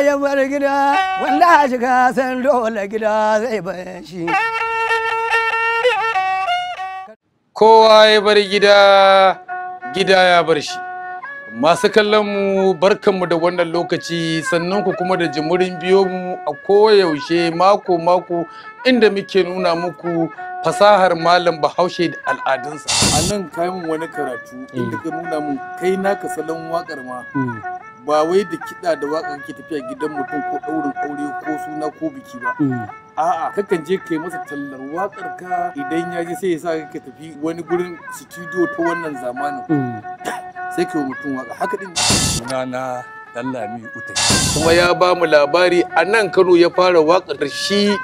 ya bar gida wanda shiga san dole gida zai bayan shi kowa ya bar gida gida ya bar shi masu kallon mu barkanmu da wannan lokaci sannan ku kuma da jimurin biyo mu a koyaushe mako mako inda muke nuna muku fasahar malam bahaushe da al'adunsa a nan kayan wani karatu inda ka nuna mu kai naka salon wakar ma mm. ba wai da kiɗa da waƙa ke tafiya gidan mutum ko ɗaurin aure ko suna ko biki ba mm. a'a kakan je kai masa tallar wakar ka idan ya je sai ya sa ka tafi wani gurin studio ta wannan zamanin mm. sai kai mutum waƙa haka din na Dallami Uta. kuma ya ba mu labari a nan Kano ya fara waƙar shi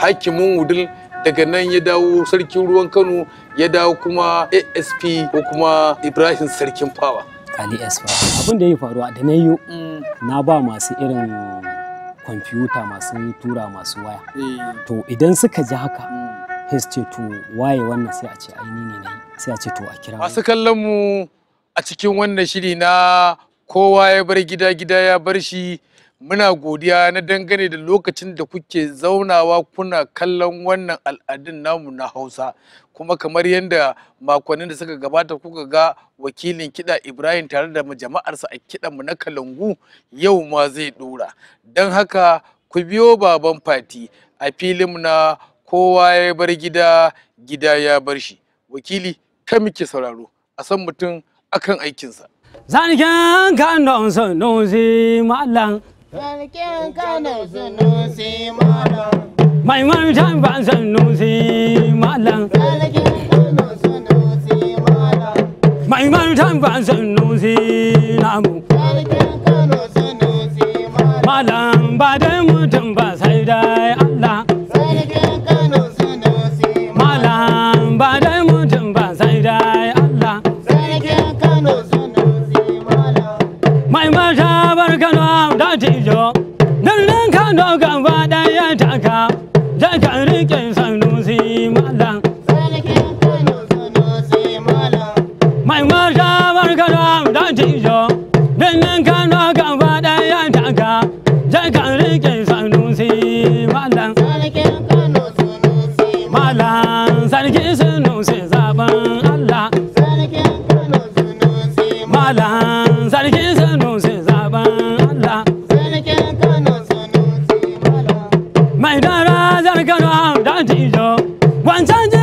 hakimin wudul daga nan ya dawo sarkin ruwan Kano ya dawo kuma ASP ko kuma Ibrahim sarkin fawa AliExpress abin da ya faruwa da na yi mm. na ba masu irin kwamfuta masu tura masu waya eh. to idan suka ji haka his mm. ce to waye wannan sai a ce aini ne sai a ce to a kira masu kallon mu a cikin wannan shiri na kowa ya bar gida gida ya bar shi muna godiya na dangane da lokacin da kuke zaunawa kuna kallon wannan al'adun namu na hausa kuma kamar yadda makonnin da suka gabata kuka ga wakilin kiɗa ibrahim tare da jama'arsa a kiɗanmu na kalangu yau ma zai ɗora don haka ku biyo baban fati a filin na kowa ya bar gida gida ya bar shi wakili ta muke sauraro a san mutum akan aikinsa. Zanikin kan da sun nuzi sarkin kano sunusi malam mai mantan ban sunusi malam sarkin kano sunusi mai mantan ban sunusi namu sarkin kano sunusi ba dai mutum ba sai dai yo 让那歌声让你听，霄，万山间。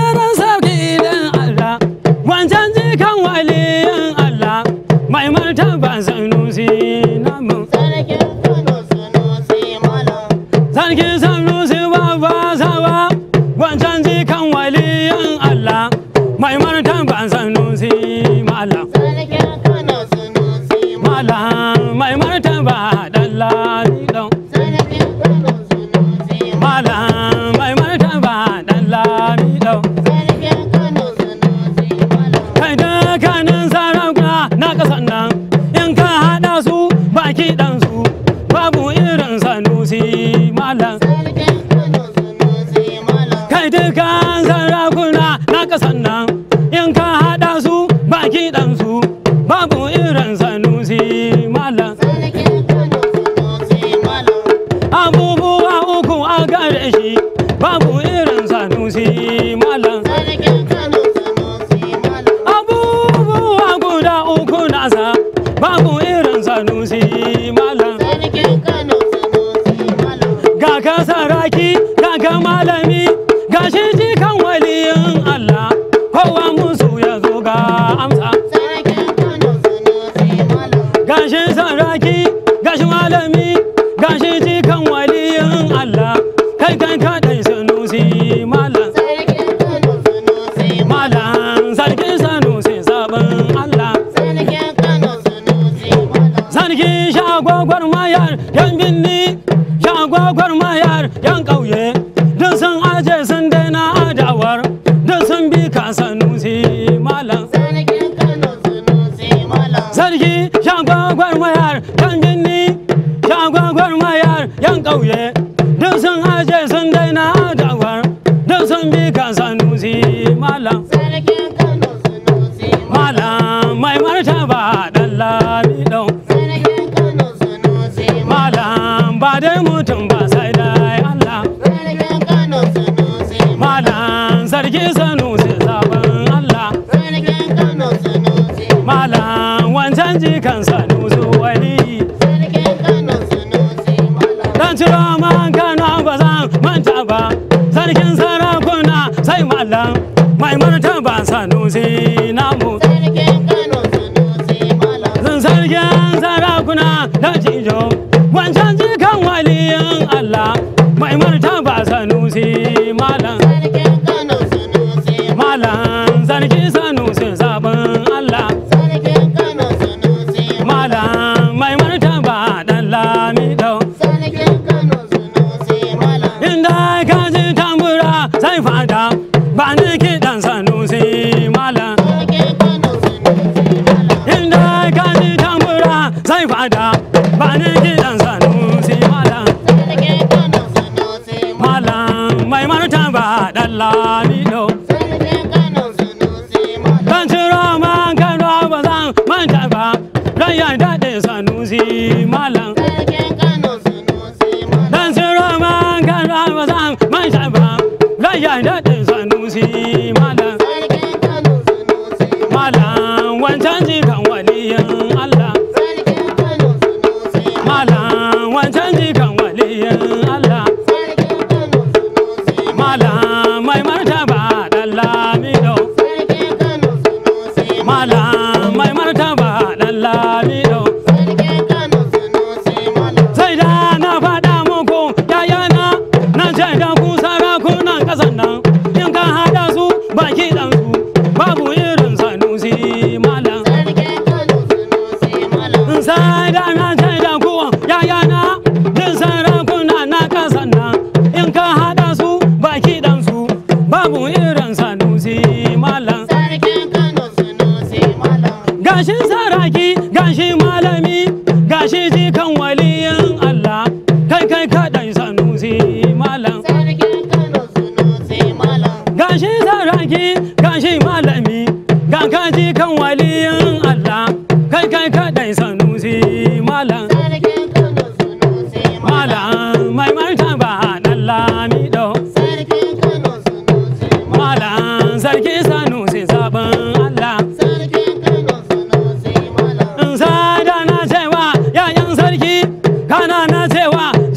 kiɗa jaki kaga malami Oh yeah. Sarkin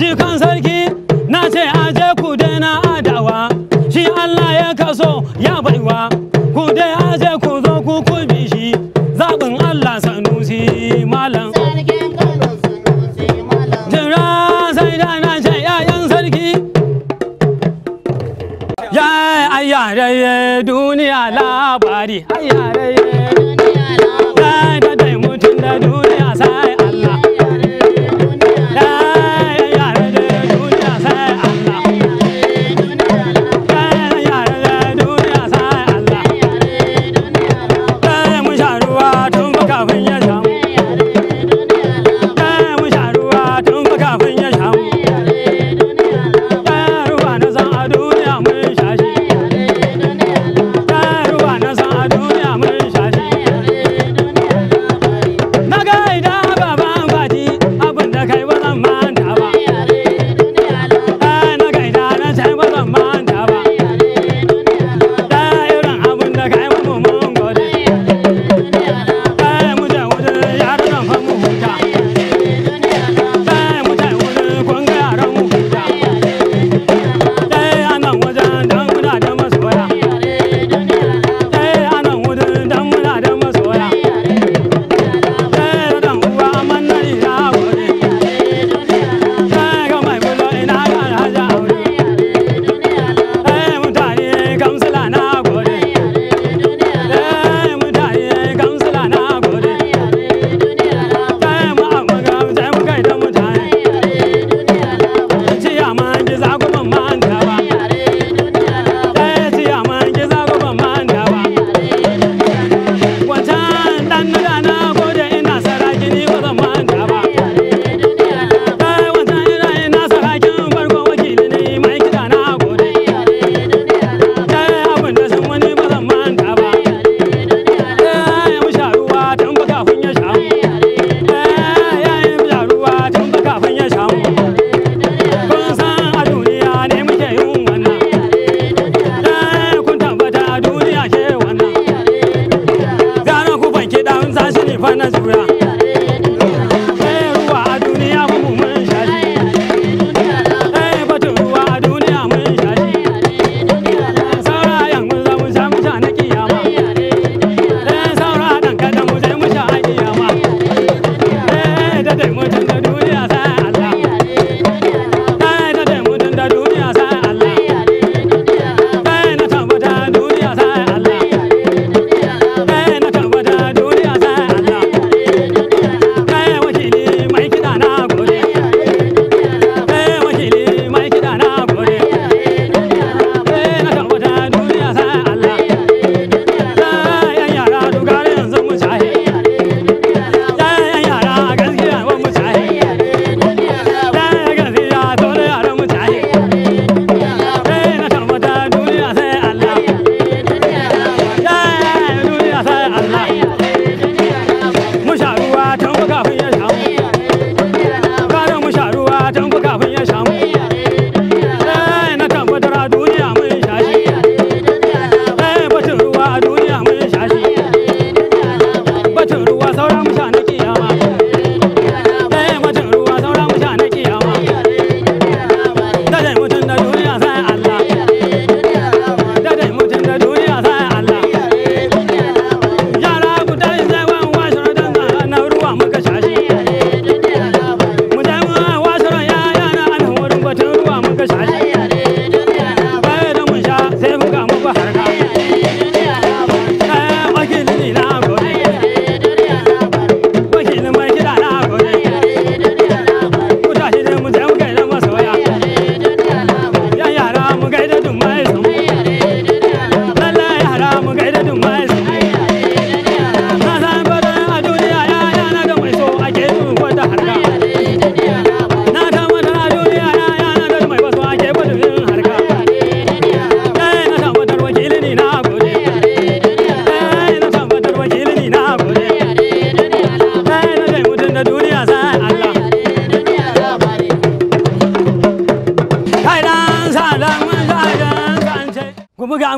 jikan sarki na ce aje ku dai adawa shi Allah ya kaso ya baiwa ku dai je ku zo ku ku bi shi zaɓin Allah sanusi malam yayan sarki ya ayyaraye duniya labari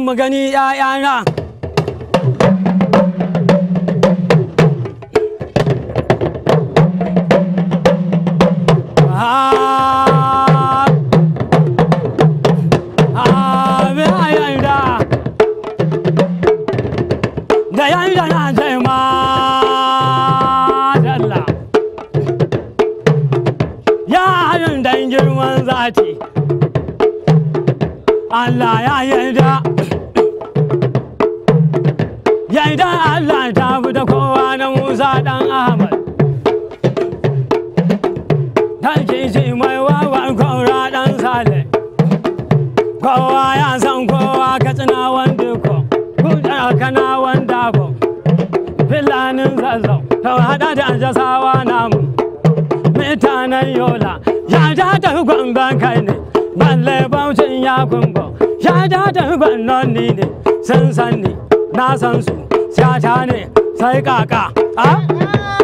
mu gani ‘ya'yana na a kowa katsina wanda ko kuɗa kana wanda ko filanin zazzau to haɗa da jasawa namu mutanen yola ya ja ta gwamban kai ne balle baucin ya kungo ya ja ta gwannon ni ne sun san ni na san su shata ne sai kaka a ah?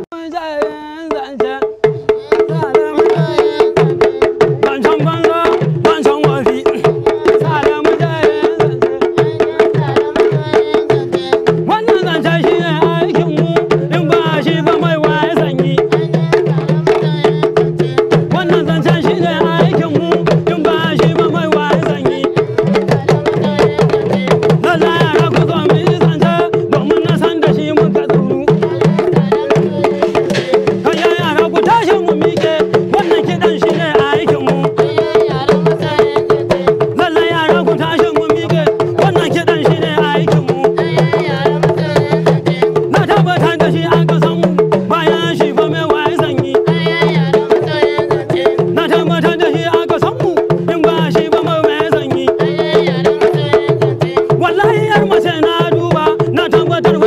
da na duba na tabbatar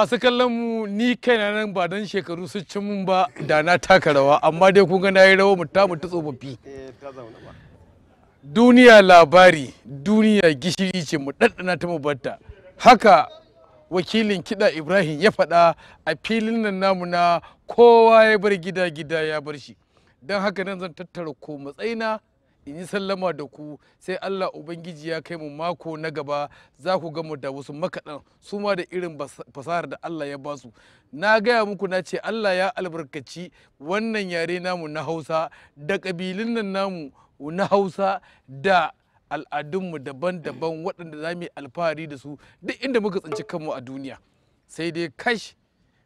masu kallon mu ni kaina nan ba dan shekaru su ci mun ba da na taka rawa amma dai kun ga na yi rawa mu ta mu ta tsofaffi eh, duniya labari duniya gishiri ce mu ɗanɗana ta mu batta haka wakilin kida ibrahim ya faɗa a filin nan namu na kowa ya bar gida gida ya bar shi don haka nan zan tattara ko matsayina in yi sallama da ku sai Allah Ubangiji ya kai mu mako na gaba za ku gamu da wasu makaɗan su ma da irin fasahar da Allah ya basu na gaya muku na ce Allah ya albarkaci wannan yare namu na Hausa da ƙabilun nan namu na Hausa da al'adunmu daban-daban waɗanda za mu yi alfahari da su duk inda muka tsinci kanmu a duniya sai dai kash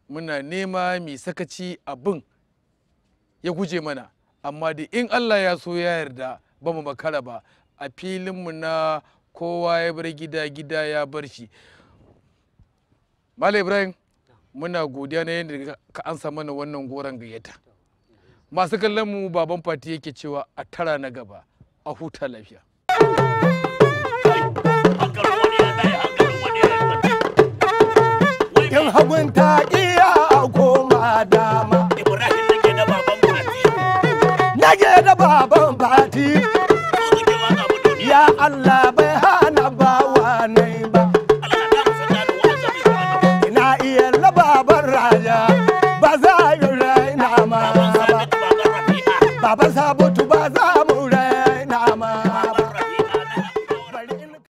muna nema mai sakaci abin ya guje mana amma da in Allah ya so ya yarda ba mu makara ba a filinmu na kowa ya bar gida gida ya bar shi malam ibrahim muna godiya na yadda ka ansa mana wannan goron gayyata masu kallon mu baban fati yake cewa a tara na gaba a huta lafiya yan hagun ta iya koma dama ibrahim nage da baban fati nage da baban fati Allah ba